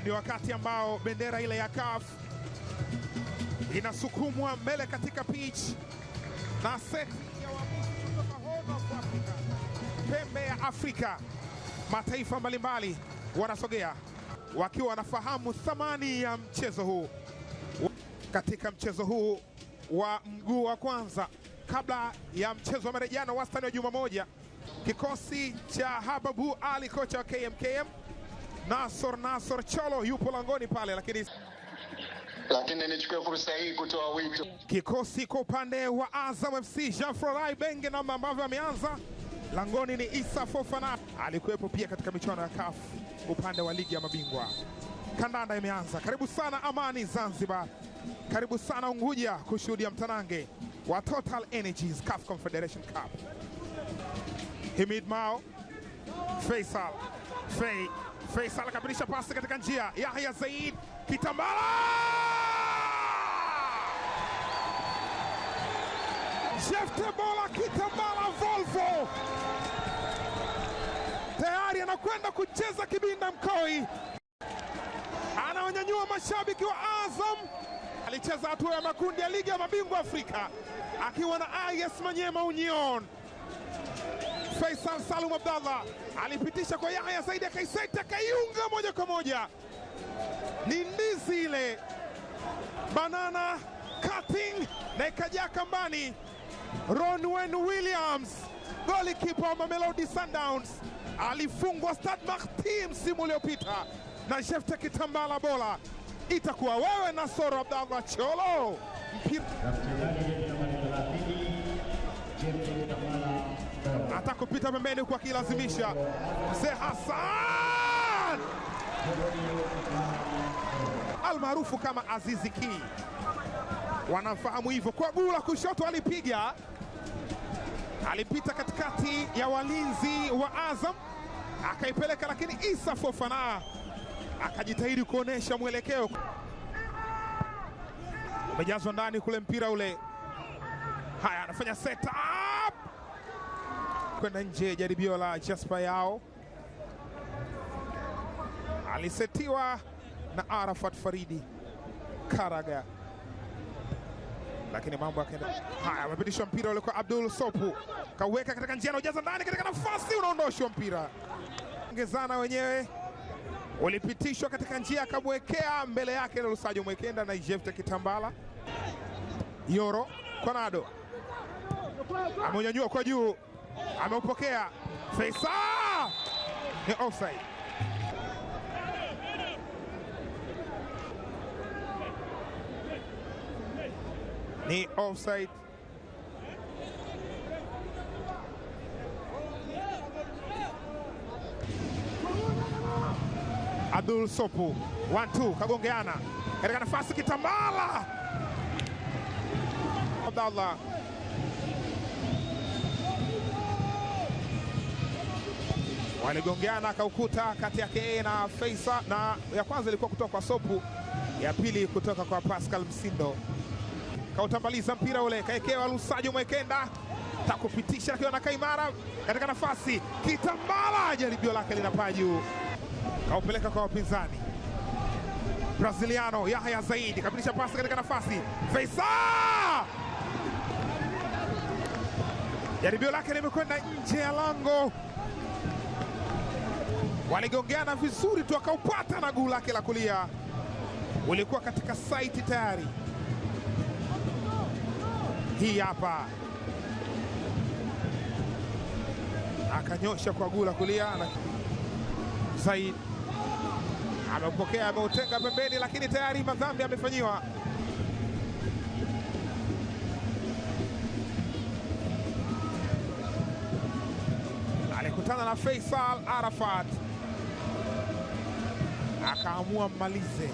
ndio wakati ambao bendera ile ya CAF inasukumwa mbele katika pitch na seti ya waamuzi kutoka Horn of Africa, pembe ya Afrika. Mataifa mbalimbali wanasogea wakiwa wanafahamu thamani ya mchezo huu. Katika mchezo huu wa mguu wa kwanza kabla ya mchezo wa marejano, wastani wa juma moja, kikosi cha Hababu Ali, kocha wa KMKM Nasor Nasor Cholo yupo langoni pale, lakini lakini nichukue fursa hii kutoa wito. Kikosi kwa upande wa Azam FC, Jean Florai Benge namna ambavyo ameanza langoni ni Isa Fofana, alikuwepo pia katika michuano ya CAF upande wa ligi ya mabingwa. Kandanda imeanza. Karibu sana Amani Zanzibar, karibu sana Unguja kushuhudia mtanange wa Total Energies CAF Confederation Cup. Himid Mao, Faisal Fei Faisal akabilisha pasi katika njia, Yahya Zaid Kitambala, Jephte Bola Kitambala Volvo tayari anakwenda kucheza kibinda mkoi, anawanyanyua mashabiki wa Azam. Alicheza hatua ya makundi ya ligi ya mabingwa Afrika akiwa na AS Manyema Union. Faisal Salum Abdallah alipitisha kwa Yahya ya akaisaita akaiunga moja kwa moja, ni ndizi ile banana cutting na ikajaa kambani. Ronwen Williams golikipa wa Mamelodi Sundowns alifungwa Stadmark team msimu uliopita na Jefte Kitambala. Bola itakuwa wewe, Soro Abdallah Cholo mpira kupita pembeni huku akilazimisha mzee Hassan almaarufu kama Azizi Ki, wanamfahamu hivyo. Kwa guu la kushoto alipiga, alipita katikati ya walinzi wa Azam akaipeleka, lakini Isa Fofana akajitahidi kuonesha mwelekeo. Umejazwa ndani kule mpira ule. Haya, anafanya seta kwenda nje. Jaribio la Jasper Yao alisetiwa na Arafat Faridi Karaga, lakini mambo yakaenda haya. Amepitishwa mpira ule kwa Abdul Sopu, kaweka katika njia, anaujaza ndani katika nafasi, unaondoshwa mpira. Ongezana wenyewe ulipitishwa katika njia, akamwekea mbele yake Lusajo Mwekenda na Jefte Kitambala. Yoro Konado amenyanyua kwa juu ameupokea Faisal, ni offside. Ni offside. Abdul Sopu 1-2 kagongeana katika nafasi kitambala Abdallah waligongeana kaukuta kati yake yeye na feisa na ya kwanza ilikuwa kutoka kwa Sopu, ya pili kutoka kwa Pascal Msindo. Kautambaliza mpira ule, kaekewa Lusajo Mwekenda takupitisha akiwa na Kaimara katika nafasi, Kitambala jaribio lake linapaa juu, kaupeleka kwa wapinzani. Braziliano Yahya Zaidi kapitisha pasi katika nafasi, feisa jaribio lake limekwenda nje ya lango waligongeana vizuri tu, akaupata na guu lake la kulia ulikuwa katika saiti tayari. Hii hapa akanyosha kwa guu la kulia Said amepokea, ameutenga pembeni, lakini tayari madhambi amefanyiwa. Alikutana na Faisal Arafat akaamua mmalize.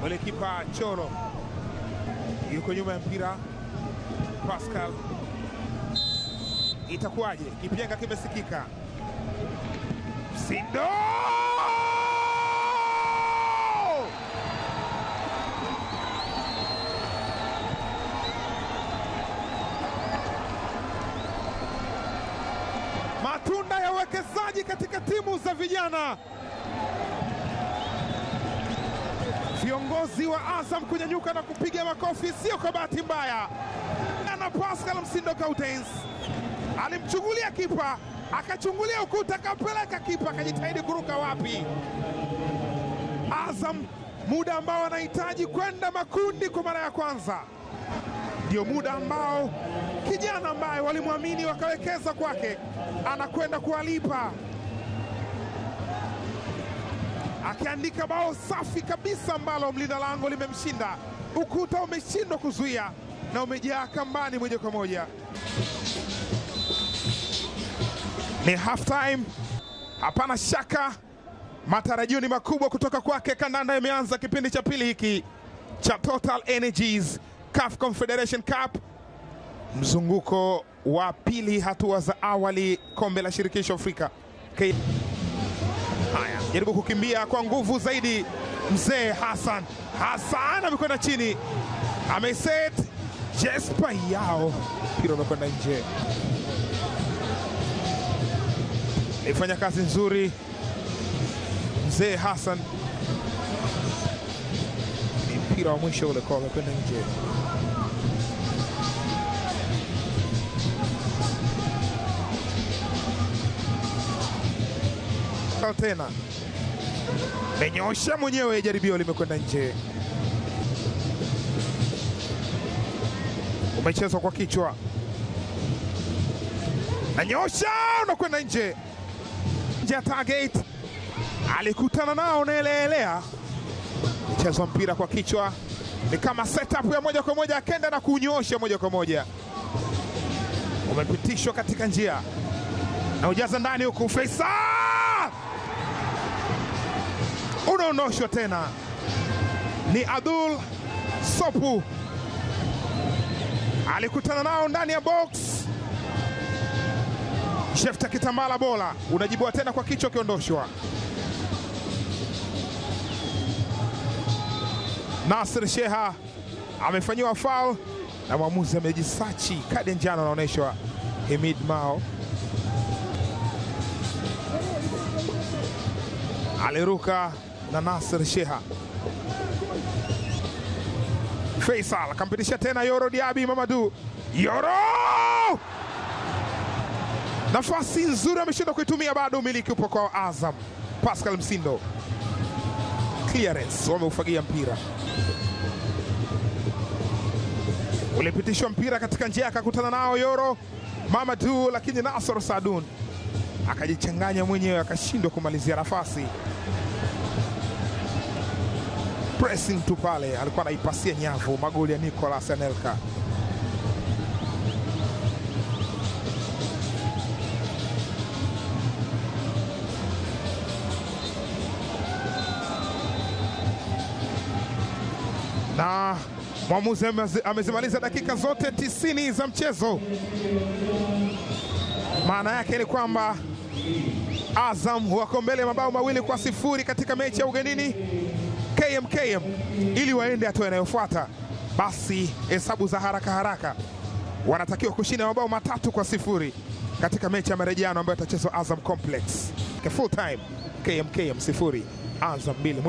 Golikipa choro yuko nyuma ya mpira, Pascal itakuwaje? kipyenga kimesikika, Sindoo! wachezaji katika timu za vijana. Viongozi wa Azam kunyanyuka na kupiga makofi, sio kwa bahati mbaya. Na Pascal Msindo Gaudens alimchungulia kipa, akachungulia ukuta, akapeleka kipa, akajitahidi kuruka wapi. Azam muda ambao anahitaji kwenda makundi kwa mara ya kwanza, ndio muda ambao kijana ambaye walimwamini wakawekeza kwake anakwenda kuwalipa akiandika bao safi kabisa ambalo mlinda lango limemshinda. Ukuta umeshindwa kuzuia na umejaa kambani moja kwa moja. Ni half time, hapana shaka matarajio ni makubwa kutoka kwake. Kandanda imeanza kipindi cha pili hiki cha Total Energies CAF Confederation Cup mzunguko wa pili hatua za awali kombe la shirikisho Afrika. Haya, jaribu kukimbia kwa nguvu zaidi. Mzee Hassan Hassan amekwenda chini, ameset Jespa yao, mpira unakwenda nje. Alifanya kazi nzuri mzee Hassan, mpira wa mwisho ulikuwa umekwenda nje. Michael tena menyosha mwenyewe, jaribio limekwenda nje, umechezwa kwa kichwa, nanyosha unakwenda nje, nje ya target. Alikutana nao unaeleelea chezwa mpira kwa kichwa, ni kama setup ya moja kwa moja, akenda na kunyosha moja kwa moja, umepitishwa katika njia na ujaza ndani huku Faisal unaondoshwa tena, ni Abdul Sopu alikutana nao ndani ya box. jefta Kitambala bola unajibiwa tena kwa kichwa, ukiondoshwa. Nasir Sheha amefanyiwa foul na mwamuzi amejisachi kadi ya njano, anaonyeshwa Himid Mao aliruka na Nasir Sheha. Faisal akampitisha tena Yoro Diaby Mamadu. Yoro! Nafasi nzuri ameshindwa kuitumia bado, umiliki upo kwa Azam. Pascal Msindo. Clearance wameufagia mpira. Ulipitishwa mpira katika njia akakutana nao Yoro Mamadu, lakini Nasor Sadun akajichanganya mwenyewe akashindwa kumalizia nafasi pressing tu pale, alikuwa anaipasia nyavu. Magoli ya Nicolas Anelka. na mwamuzi amezimaliza dakika zote tisini za mchezo. Maana yake ni kwamba Azam wako mbele mabao mawili kwa sifuri katika mechi ya ugenini. KMKM ili waende hatua inayofuata. Basi hesabu za haraka haraka, wanatakiwa kushinda mabao matatu kwa sifuri katika mechi ya marejeano ambayo itachezwa Azam Complex. Full time KMKM sifuri Azam mbili.